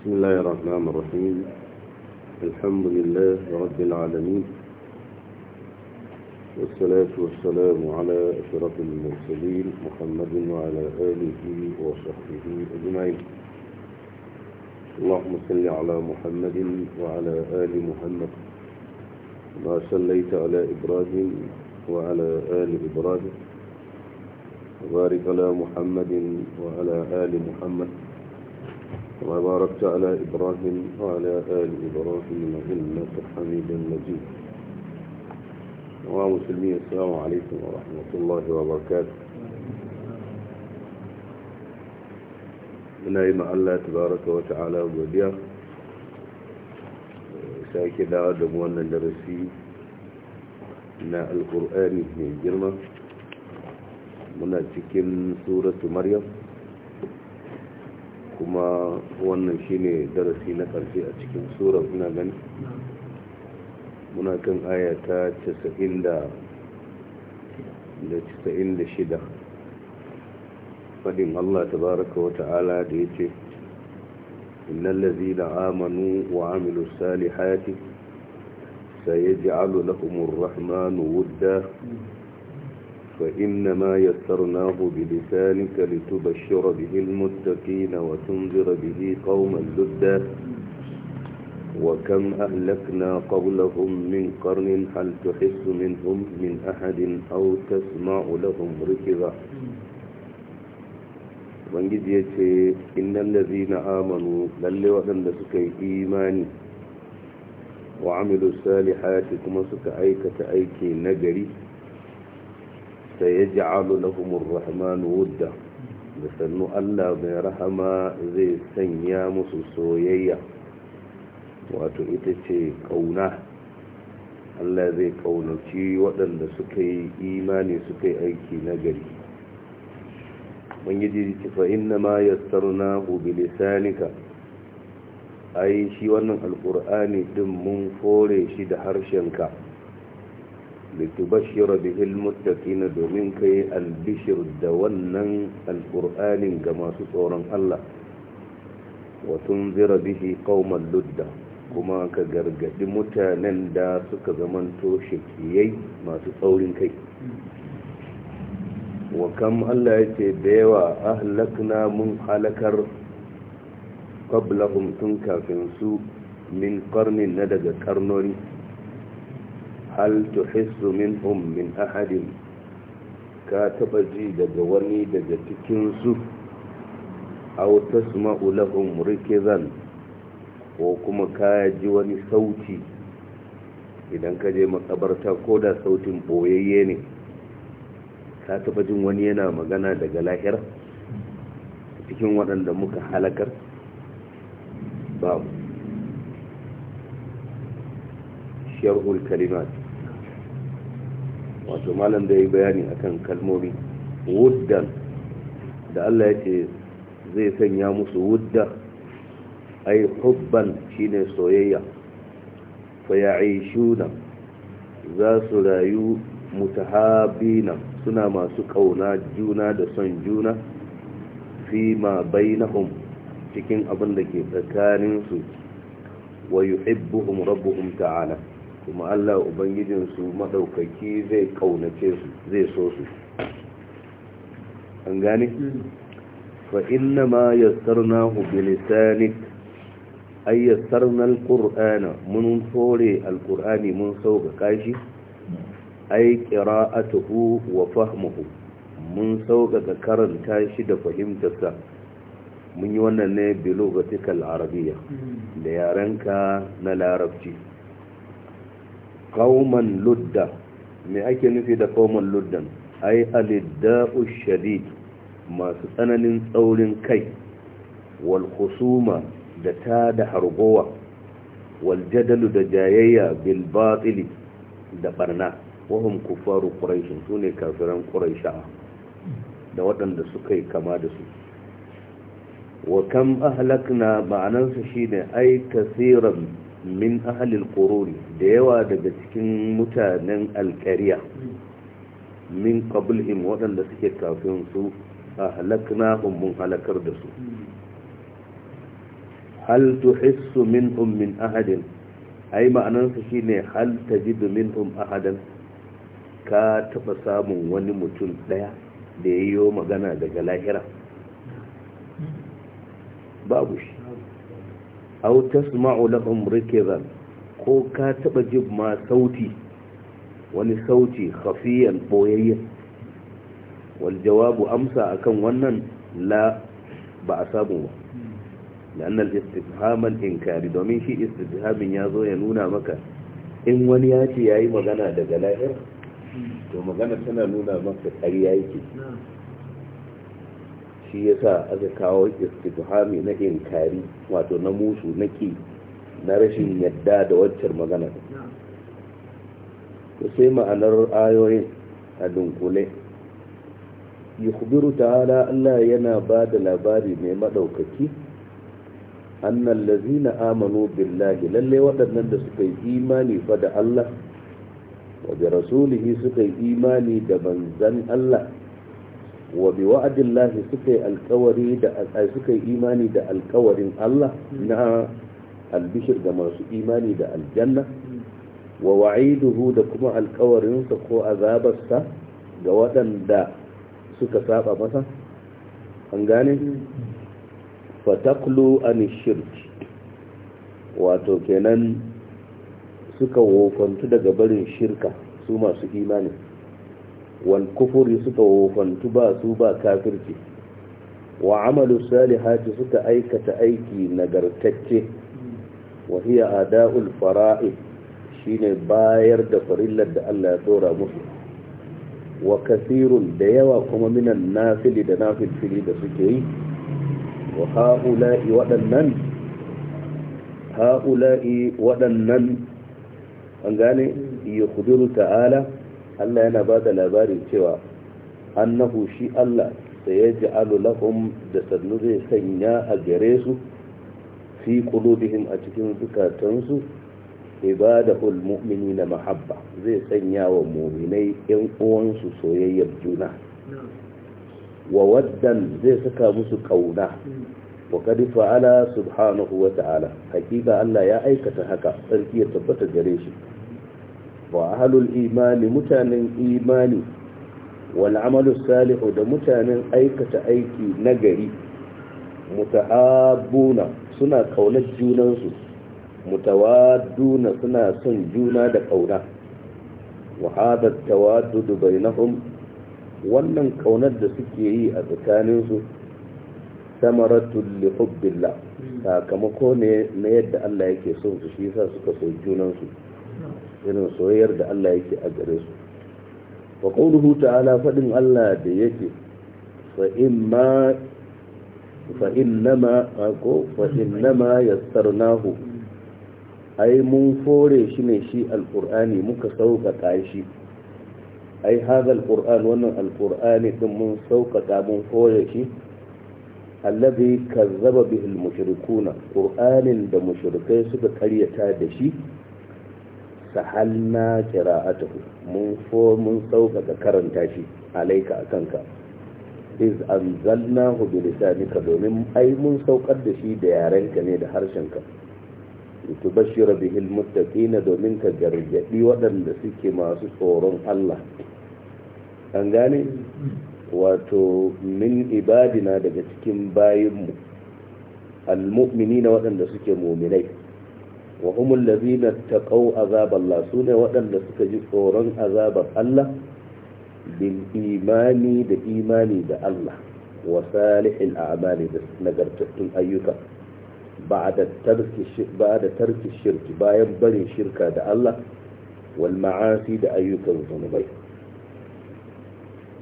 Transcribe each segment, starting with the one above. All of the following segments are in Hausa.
بسم الله الرحمن الرحيم الحمد لله رب العالمين والصلاة والسلام على أشرف المرسلين محمد وعلى آله وصحبه أجمعين اللهم صل على محمد وعلى آل محمد ما صليت على إبراهيم وعلى آل إبراهيم وبارك على محمد وعلى آل محمد كما باركت على إبراهيم وعلى آل إبراهيم إنك حميد مجيد ومسلمين السلام عليكم ورحمة الله وبركاته muna yi ma'alla godiya sake da wannan darasi na alkur'ani mai girma muna cikin suratu maryam kuma wannan shine darasi na karshe a cikin surar ina gani muna kan ayata ta 96 fadin Allah tabaraka wa ta'ala da yace innal da amanu wa Sai salihati sayaj'alu lahumur rahmanu wudda فإنما يسرناه بلسانك لتبشر به المتقين وتنذر به قوما لدا وكم أهلكنا قولهم من قرن هل تحس منهم من أحد أو تسمع لهم ركضا وانجد يتي إن الذين آمنوا للي وهم لسكي إيماني وعملوا الصالحات كما سكأيك تأيكي نجري ya سيجعل لهم الرحمن ودا لسنو الله rahama zai sanya musu soyayya wato ita ce kauna allah zai kaunaci waɗanda suka yi imani suka yi aiki nagari. gari bangiji fa inna ma yassarna bi lisanika ai shi wannan alkur'ani din mun fore shi da harshenka litubashira bihil muttaqina domin kai albishir da wannan Alƙur'ani ga masu tsoron Allah wa tunzira bihi qauman ludda kuma ka gargaɗi mutanen da suka zamanto shakiyai masu tsaurin kai wa kam Allah yake da yawa ahlakna mun halakar qablahum tun kafin su min karni na daga karnori hal tuhissu minhum min ahadin ka taba ji daga wani daga cikin su aw tasma'u lahum rikizan ko kuma ka ji wani sauti idan ka je makabarta ko da sautin boyayye ne ka taba jin wani yana magana daga lahira cikin waɗanda muka halakar babu sharhul kalimat wato malam da ya yi bayani akan kalmomi wuddan da Allah ya ce zai sanya musu wudda ai hubban shine soyayya fa ya'ishuna za su rayu mutahabina suna masu kauna juna da son juna fi ma bainahum cikin abin da ke tsakaninsu wa yuhibbuhum rabbuhum ta'ala kuma Allah ubangijinsu maɗaukaki zai ƙaunace su zai so su an gane? fa'inna ma yassarna hubilisanik ai yassarna ƙur'ana, mun fore Alƙur'ani mun sauƙaƙa shi ai tuhu wa fahimu. mun sauƙaƙa karanta shi da fahimtarsa mun yi wannan ne bilogatikal arabiya da yarenka na larabci qauman ludda me ake nufi da qauman luddan ai alidda'u shadid masu tsananin tsaurin kai wal khusuma da ta da hargowa wal jadalu da jayayya bil batili da barna wahum kufaru quraish sune kafiran quraisha da waɗanda suka yi kama da su wa kam ahlakna ma'anansa shine ai kaseeran min ahalil koroni da yawa daga cikin mutanen alkariya min qablihim waɗanda suke kafin su a halakna mun halakar da su hal tuhissu minhum min ahadin ai ma'anansa shine hal tajidu minhum ahadan ka taɓa samun wani mutum ɗaya da ya yi magana daga lahira babu shi au tasma'u lahum rikizan ko ka taba jib ma sauti wani sauti khafiyan boyayya wal jawabu amsa akan wannan la ba a samu ba lan al istifham al inkari domin shi istifhamin yazo ya nuna maka in wani ya ce yayi magana daga lahir to magana tana nuna maka kariya yake shi ya yasa aka kawo istifhami na inkari wato na musu na ki na rashin yadda da waccar magana ta sai ma'anar ayoyin a dunkule ta ta'ala Allah yana ba da labari mai maɗaukaki annan lazina amanu billahi lalle waɗannan da suka yi imani fa da Allah wa rasulihi suka yi imani da banzan Allah wabi bi lahi suka yi alkawari da suka yi imani da alkawarin Allah na albishir ga masu imani da aljanna wa wa'iduhu da kuma alkawarinsa ko azabarsa ga waɗanda suka saba masa an gane fataklu an shirki wato kenan suka wofantu daga barin shirka su masu imani wal kufuri suka wofantu ba su ba kafirci wa amalu salihati suka aikata aiki nagartacce wa hiya ada'ul fara'id shine bayar da farillar da Allah ya dora musu wa kasirun da yawa kuma minan nafili da nafilfili da suke yi wa ha'ula'i waɗannan ha'ula'i waɗannan an gane yi ta'ala Allah yana ba da labarin cewa annahu shi Allah da ya ja'alu lahum da sannu zai sanya a gare su fi a cikin zukatansu ibadahul na mahabba zai sanya wa mu'minai yan uwansu soyayyar juna wa waddan zai saka musu kauna wa qad fa'ala subhanahu wa ta'ala hakika Allah ya aikata haka sarki ya tabbata gare shi wahalul imani mutanen imani wal'amalu salihu da mutanen aikata aiki nagari mutahabbuna suna kaunar junansu mutawadduna suna son juna da kauna wa tawaddudu bainahum wannan kaunar da suke yi a su samaratul li hubbillah sakamako ne na yadda Allah yake son su shi yasa suka so junansu irin soyayyar da Allah yake a gare su wa qawluhu ta'ala fadin Allah da yake fa imma fa innama ko fa innama yassarnahu ai mun fore shi ne shi alqur'ani muka sauƙaƙa shi ai hadha alqur'an wannan alqur'ani din mun sauƙaƙa mun fore shi alladhi kazzaba bihi almushrikuna qur'anin da mushrikai suka karyata da shi sahalna qira'atuhu mun fo mun sauƙaƙa karanta shi alaika akanka iz hu bi lisanika domin ai mun saukar da shi da yarenka ne da harshenka litubashshira bihi almuttaqina domin ka gargadi waɗanda suke masu tsoron Allah an gane wato min ibadina daga cikin bayinmu almu'minina waɗanda suke mu'minai wa humul ladina taqaw azaballah sune waɗanda suka ji tsoron azabar Allah bil imani da imani da Allah wa salihil a'mali da nagartattun ayyuka ba'da tarki ba'da tarki shirki bayan barin shirka da Allah wal ma'asi da ayyukan zunubai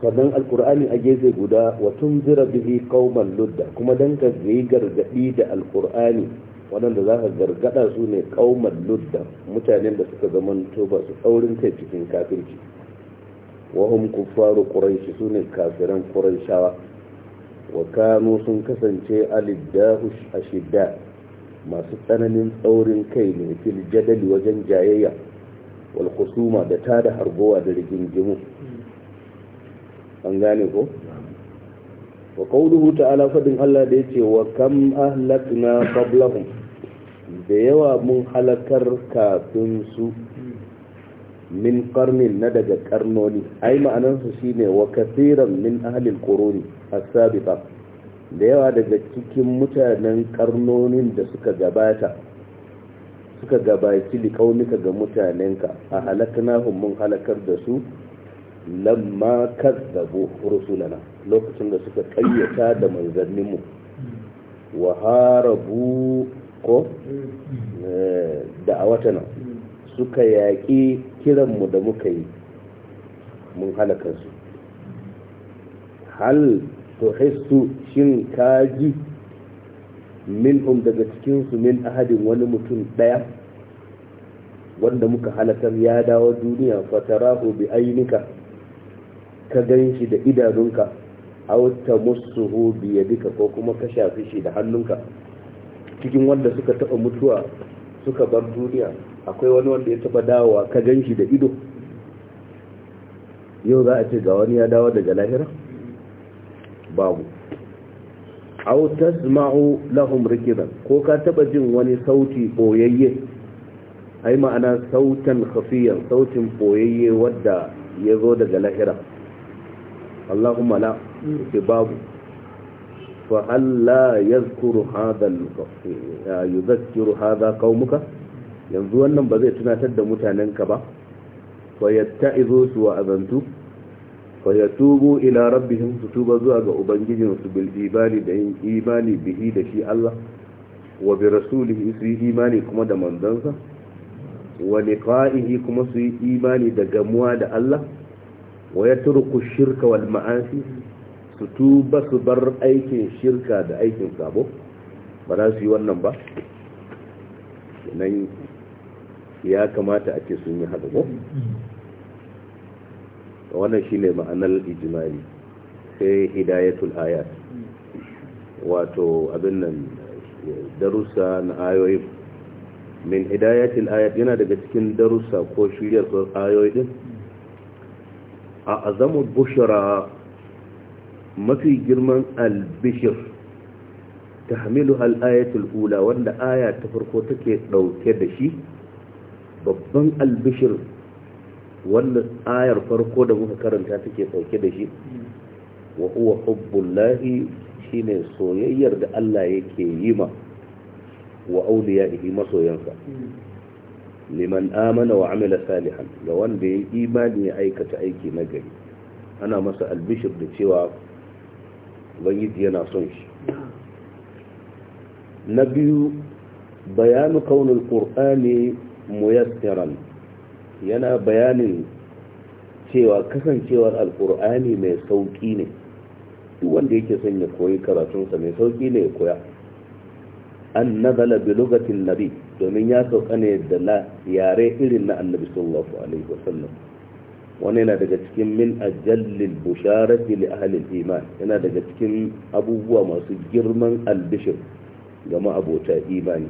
sannan alkur'ani a gefe guda wa tunzira bihi qauman ludda kuma dan ka gargadi da alkur'ani waɗanda za ka gargada su ne ƙaumar ludda mutanen da suka zama ba su tsaurin kai cikin kafirci wahum kuffaru quraishi su ne kafiran quraishawa wa kanu sun kasance aliddahu ashidda masu tsananin tsaurin kai ne fil jadali wajen jayayya wal khusuma da tada harbowa da rigingimu an gane ko wa qawluhu ta'ala fadin Allah da yace wa kam ahlakna qablahum da yawa mun halakar kafin su min karnin na daga karnoni ai ma'anansu shine wa kasiran min ahlil quruni as-sabiqa da yawa daga cikin mutanen karnonin da suka gabata suka gabaci kaunuka ga mutanenka a halaknahum mun halakar da su lamma kazzabu rusulana lokacin da suka kayyata da manzanninmu wa harabu ko eh, da a wata nan suka yaƙi kiranmu da muka yi mun halakarsu hal to haistu shin kaji um daga cikinsu min ahadin wani mutum ɗaya wanda muka halakar ya dawo duniya fatarahu bi ainika ka gan shi da idanunka auta musuhu biya duka ko kuma ka shafi shi da hannunka cikin wanda suka taba mutuwa suka bar duniya akwai wani wanda ya taba dawowa ka gan shi da ido yau za a ce ga wani ya dawo daga lahira babu aw tasma'u lahum rikidan ko ka taba jin wani sauti boyayye ai ma'ana sautan khafiyan sautin boyayye wanda ya zo daga lahira Allahumma la babu فألا يذكر هذا يذكر هذا قومك yanzu wannan ba zai tunatar da mutanenka ba fa yatta'izu su wa azantu fa yatubu ila rabbihim su tuba zuwa ga ubangijinsu bil ibali da yin imani bihi da shi Allah wa bi rasulihi su yi imani kuma da manzansa kuma su yi imani da gamuwa da Allah wa yatruku ma'asi su tuba su bar aikin shirka da aikin sabo ba za su yi wannan ba nan ya kamata ake sun yi haɗa ko wannan shi ne ma'anar ijimari sai hidayatul ayat wato abin nan darussa na ayoyi min hidayatul ayat yana daga cikin darussa ko shiryar ayoyi din a azamu bushara mafi girman albishir ta hamilu al'ayatul ula wanda aya ta farko take dauke da shi babban albishir wanda ayar farko da muka karanta take dauke da shi wa huwa hubbullahi shine soyayyar da Allah yake yi ma wa auliya'ihi masoyansa liman amana wa amila salihan ga wanda ya imani ya aikata aiki na gari ana masa albishir da cewa ubangiji yana son shi na biyu bayanu kaunin ƙur'ani muyassiran yana bayanin cewa kasancewar alƙur'ani mai sauƙi ne wanda yake son ya koyi karatunsa mai sauƙi ne ya koya an nazala bi lugatin nabi domin ya sauka ne da yare irin na annabi sallallahu alaihi wasallam wani yana daga cikin min ajallil busharati li ahlil iman yana daga cikin abubuwa masu girman albishir ga ma'abota imani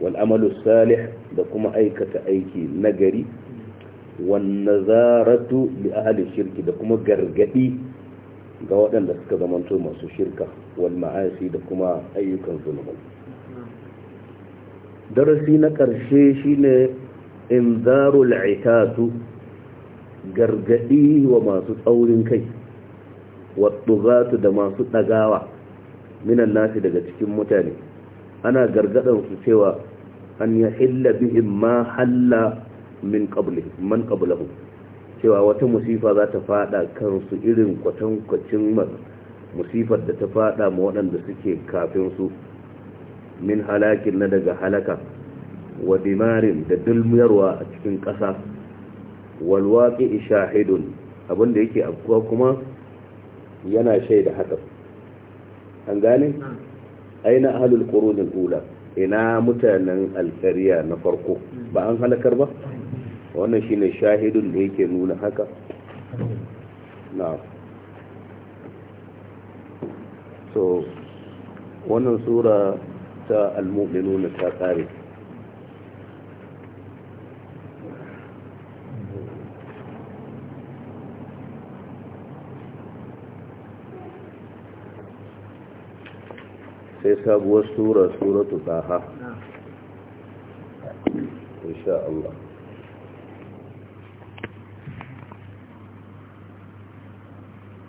wal amalu salih da kuma aikata aiki nagari wan nazaratu li ahli shirki da kuma gargadi ga waɗanda suka zamanto masu shirka wal ma'asi da kuma ayyukan zunubai darasi na ƙarshe shine inzarul itatu gargadi wa masu tsaurin kai waɗugatu da masu ɗagawa minan nasi daga cikin mutane ana gargadansu cewa an ya hilla bihim ma halla min man qablahu cewa wata musifa za ta fada kansu irin kwatankwacin musifar da ta fada ma waɗanda suke kafin su min halakin na daga halaka wa dimarin da dulmiyarwa a cikin ƙasa walwaƙi shahidun abinda yake abuwa kuma yana shaida haka an gane aina ahlul qurunil ula ina mutanen alkariya na farko ba an halakar ba wannan shine shahidun da yake nuna haka so wannan sura ta al-mu'minuna ta ƙare. sai sabuwar sura suratu ha insha Allah